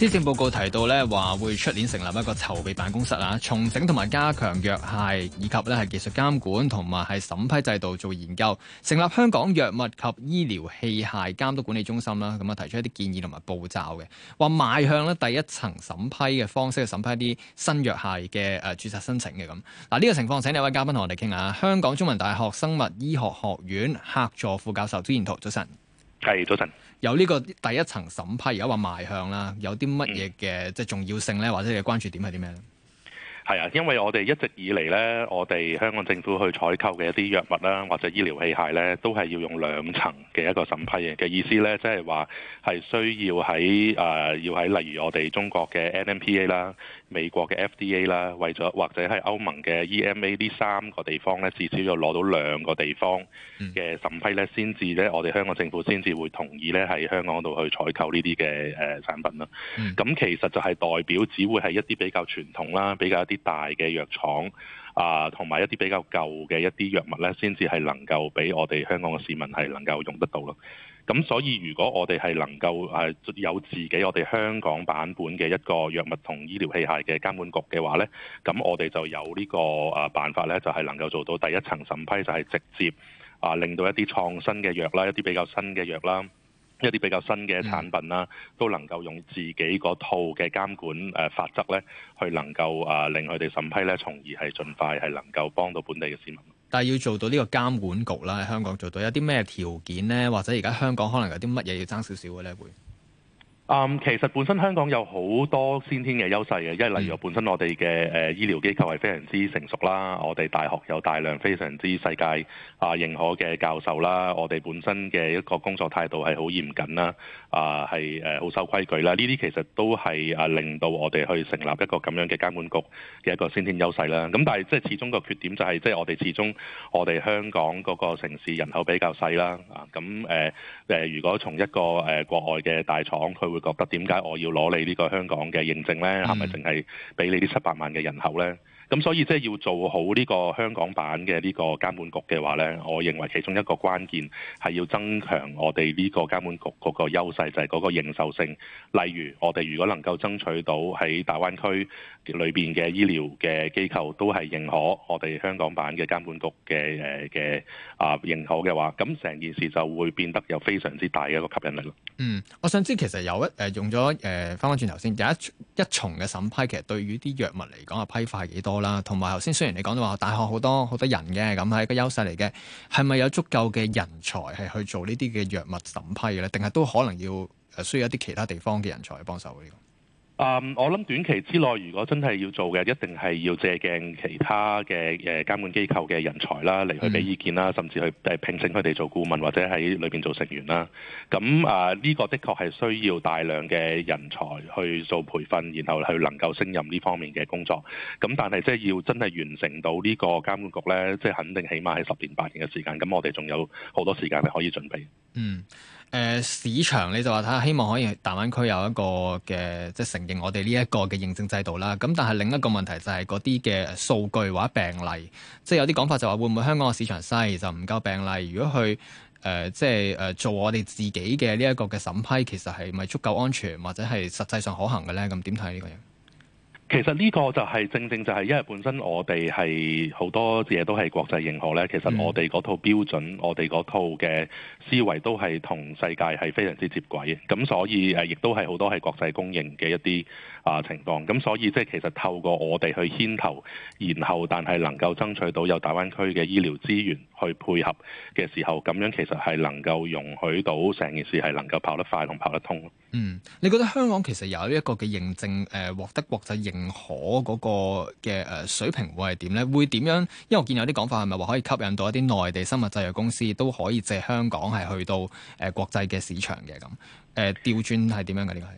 施政報告提到咧，話會出年成立一個籌備辦公室啊，重整同埋加強藥械以及咧係技術監管同埋係審批制度做研究，成立香港藥物及醫療器械監督管理中心啦。咁啊，提出一啲建議同埋步驟嘅，話邁向咧第一層審批嘅方式去審批一啲新藥械嘅誒註冊申請嘅咁。嗱、這、呢個情況，請有位嘉賓同我哋傾下，香港中文大學生物醫學學院客座副教授招彥燾早晨。係早晨，有呢個第一層審批，而家話邁向啦，有啲乜嘢嘅即係重要性咧，嗯、或者你嘅關注點係啲咩咧？係啊，因為我哋一直以嚟咧，我哋香港政府去採購嘅一啲藥物啦，或者醫療器械咧，都係要用兩層嘅一個審批嘅意思咧，即係話係需要喺誒、呃、要喺例如我哋中國嘅 NMPA 啦。美國嘅 FDA 啦，為咗或者係歐盟嘅 EMA 呢三個地方咧，至少要攞到兩個地方嘅審批咧，先至咧，我哋香港政府先至會同意咧，喺香港度去採購呢啲嘅誒產品咯。咁其實就係代表，只會係一啲比較傳統啦，比較一啲大嘅藥廠啊，呃，同埋一啲比較舊嘅一啲藥物咧，先至係能夠俾我哋香港嘅市民係能夠用得到咯。咁所以如果我哋係能夠誒有自己我哋香港版本嘅一個藥物同醫療器械嘅監管局嘅話咧，咁我哋就有呢個誒辦法咧，就係、是、能夠做到第一層審批，就係、是、直接啊令到一啲創新嘅藥啦、一啲比較新嘅藥啦、一啲比較新嘅產品啦，都能夠用自己嗰套嘅監管誒法則咧，去能夠啊令佢哋審批咧，從而係盡快係能夠幫到本地嘅市民。但係要做到呢個監管局啦，喺香港做到有啲咩條件呢？或者而家香港可能有啲乜嘢要爭少少嘅呢？會？誒、um, 其實本身香港有好多先天嘅優勢嘅，一係例如本身我哋嘅誒醫療機構係非常之成熟啦，我哋大學有大量非常之世界啊認可嘅教授啦，我哋本身嘅一個工作態度係好嚴謹啦，啊係誒好守規矩啦，呢啲其實都係啊令到我哋去成立一個咁樣嘅監管局嘅一個先天優勢啦。咁但係即係始終個缺點就係即係我哋始終我哋香港嗰個城市人口比較細啦，啊咁誒誒如果從一個誒國外嘅大廠佢會覺得點解我要攞你呢個香港嘅認證呢？係咪淨係俾你啲七百萬嘅人口呢？咁所以即係要做好呢個香港版嘅呢個監管局嘅話咧，我認為其中一個關鍵係要增強我哋呢個監管局嗰個優勢，就係、是、嗰個認受性。例如我哋如果能夠爭取到喺大灣區裏邊嘅醫療嘅機構都係認可我哋香港版嘅監管局嘅誒嘅啊認可嘅話，咁成件事就會變得有非常之大嘅一個吸引力咯。嗯，我想知其實有一誒、呃、用咗誒翻返轉頭先有一。一重嘅審批，其實對於啲藥物嚟講，嘅批發係幾多啦？同埋頭先雖然你講到話大學好多好多人嘅咁係一個優勢嚟嘅，係咪有足夠嘅人才係去做呢啲嘅藥物審批嘅咧？定係都可能要需要一啲其他地方嘅人才去幫手呢？啊，um, 我諗短期之內，如果真係要做嘅，一定係要借鏡其他嘅誒監管機構嘅人才啦，嚟去俾意見啦，甚至去誒聘請佢哋做顧問或者喺裏邊做成員啦。咁啊，呢、這個的確係需要大量嘅人才去做培訓，然後去能夠升任呢方面嘅工作。咁但係即係要真係完成到呢個監管局咧，即、就、係、是、肯定起碼係十年八年嘅時間。咁我哋仲有好多時間，係可以準備。嗯。誒、呃、市場你就話睇下，希望可以大灣區有一個嘅即係承認我哋呢一個嘅認證制度啦。咁但係另一個問題就係嗰啲嘅數據或者病例，即係有啲講法就話會唔會香港嘅市場細就唔夠病例？如果去誒、呃、即係誒、呃、做我哋自己嘅呢一個嘅審批，其實係咪足夠安全或者係實際上可行嘅咧？咁點睇呢個人？其實呢個就係、是、正正就係因為本身我哋係好多嘢都係國際認可呢，其實我哋嗰套標準、我哋嗰套嘅思維都係同世界係非常之接軌嘅，咁所以誒亦都係好多係國際公認嘅一啲啊情況，咁所以即係其實透過我哋去牽頭，然後但係能夠爭取到有大灣區嘅醫療資源去配合嘅時候，咁樣其實係能夠容許到成件事係能夠跑得快同跑得通。嗯，你覺得香港其實有呢一個嘅認證，誒獲得國際認可嗰個嘅誒、呃、水平會係點咧？會點樣？因為我見有啲講法係咪話可以吸引到一啲內地生物製藥公司都可以借香港係去到誒、呃、國際嘅市場嘅，咁誒調轉係點樣嘅呢個係？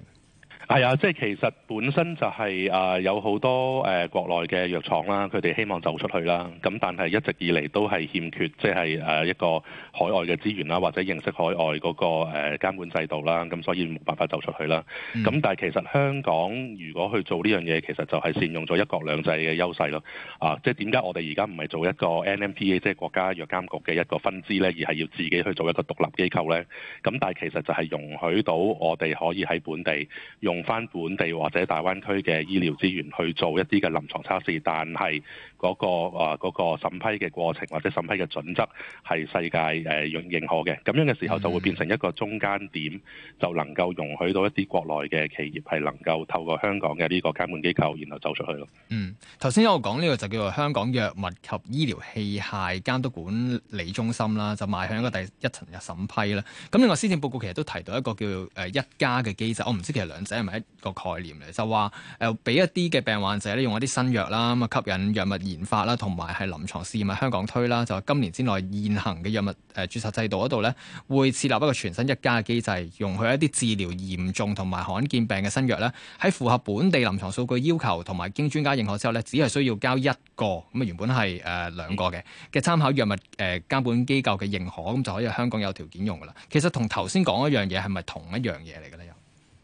係啊，即係其實本身就係啊，有好多誒國內嘅藥廠啦，佢哋希望走出去啦。咁但係一直以嚟都係欠缺，即係誒一個海外嘅資源啦，或者認識海外嗰個誒監管制度啦。咁所以冇辦法走出去啦。咁、嗯、但係其實香港如果去做呢樣嘢，其實就係善用咗一國兩制嘅優勢咯。啊，即係點解我哋而家唔係做一個 NMPA 即係國家藥監局嘅一個分支咧，而係要自己去做一個獨立機構咧？咁但係其實就係容許到我哋可以喺本地用。用返本地或者大灣區嘅醫療資源去做一啲嘅臨床測試，但係嗰個啊嗰個審批嘅過程或者審批嘅準則係世界誒、呃、認可嘅。咁樣嘅時候就會變成一個中間點，就能夠容許到一啲國內嘅企業係能夠透過香港嘅呢個監管機構，然後走出去咯。嗯，頭先我講呢個就叫做香港藥物及醫療器械監督管理中心啦，就邁向一個第一層嘅審批啦。咁另外施政報告其實都提到一個叫誒一加嘅機制，我唔知其實兩者。係咪一個概念嚟，就話、是、誒，俾、呃、一啲嘅病患者咧，用一啲新藥啦，咁啊，吸引藥物研發啦，同埋係臨床試驗、香港推啦、啊。就今年之內現行嘅藥物誒、呃、註冊制度嗰度咧，會設立一個全新一家嘅機制，容許一啲治療嚴重同埋罕見病嘅新藥咧，喺、啊、符合本地臨床數據要求同埋經專家認可之後咧，只係需要交一個咁啊，原本係誒、呃、兩個嘅嘅參考藥物誒、呃、監管機構嘅認可咁、嗯、就可以香港有條件用噶啦。其實是是同頭先講一樣嘢係咪同一樣嘢嚟嘅咧？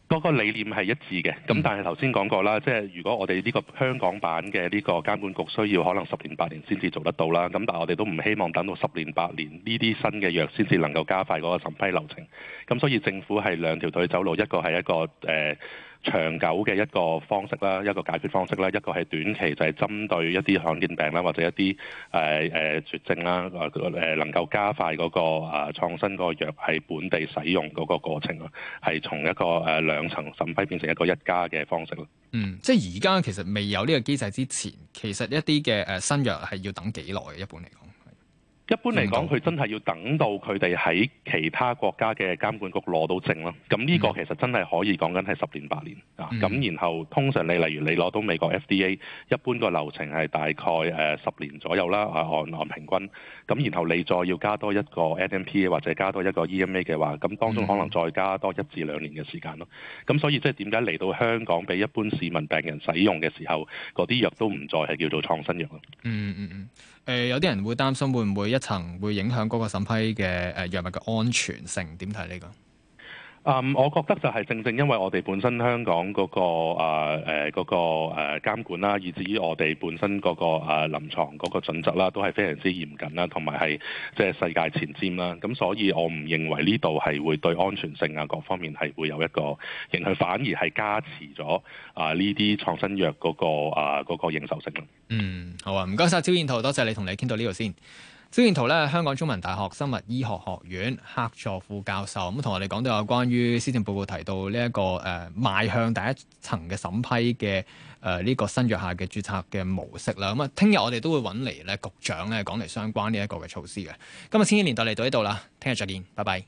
嗰個理念係一致嘅，咁但係頭先講過啦，即係如果我哋呢個香港版嘅呢個監管局需要可能十年八年先至做得到啦，咁但係我哋都唔希望等到十年八年呢啲新嘅藥先至能夠加快嗰個審批流程，咁所以政府係兩條腿走路，一個係一個誒、呃長久嘅一個方式啦，一個解決方式啦，一個係短期就係針對一啲罕見病啦，或者一啲誒誒絕症啦，誒、呃、能夠加快嗰、那個啊、呃、創新個藥喺本地使用嗰個過程咯，係從一個誒、呃、兩層審批變成一個一加嘅方式咯。嗯，即係而家其實未有呢個機制之前，其實一啲嘅誒新藥係要等幾耐，一般嚟講？一般嚟講，佢真係要等到佢哋喺其他國家嘅監管局攞到證咯。咁呢個其實真係可以講緊係十年八年啊。咁然後通常你例如你攞到美國 FDA，一般個流程係大概誒、呃、十年左右啦，按、啊、按平均。咁然後你再要加多一個 NMP 或者加多一個 EMA 嘅話，咁當中可能再加多一至兩年嘅時間咯。咁、啊啊、所以即係點解嚟到香港俾一般市民病人使用嘅時候，嗰啲藥都唔再係叫做創新藥咯。嗯嗯嗯，嗯。呃、有啲人會擔心會唔會一層會影響嗰個審批嘅誒，藥物嘅安全性，點睇呢個？啊，um, 我覺得就係正正因為我哋本身香港嗰、那個啊誒嗰個監管啦，以至於我哋本身嗰、那個啊、呃、臨牀嗰個準則啦，都係非常之嚴謹啦，同埋係即係世界前瞻啦。咁、嗯、所以我唔認為呢度係會對安全性啊各方面係會有一個，仍係反而係加持咗啊呢啲創新藥嗰、那個啊嗰、呃那個認受性啦。嗯，好啊，唔該晒，招彥燾，多謝你同你傾到呢度先。招彥燾咧，香港中文大學生物醫學學院客座副教授，咁同我哋講到有關於施政報告提到呢、這、一個誒，邁、呃、向第一層嘅審批嘅誒呢個新藥下嘅註冊嘅模式啦。咁啊，聽日我哋都會揾嚟咧局長咧講嚟相關呢一個嘅措施嘅。今日千禧年代嚟到呢度啦，聽日再見，拜拜。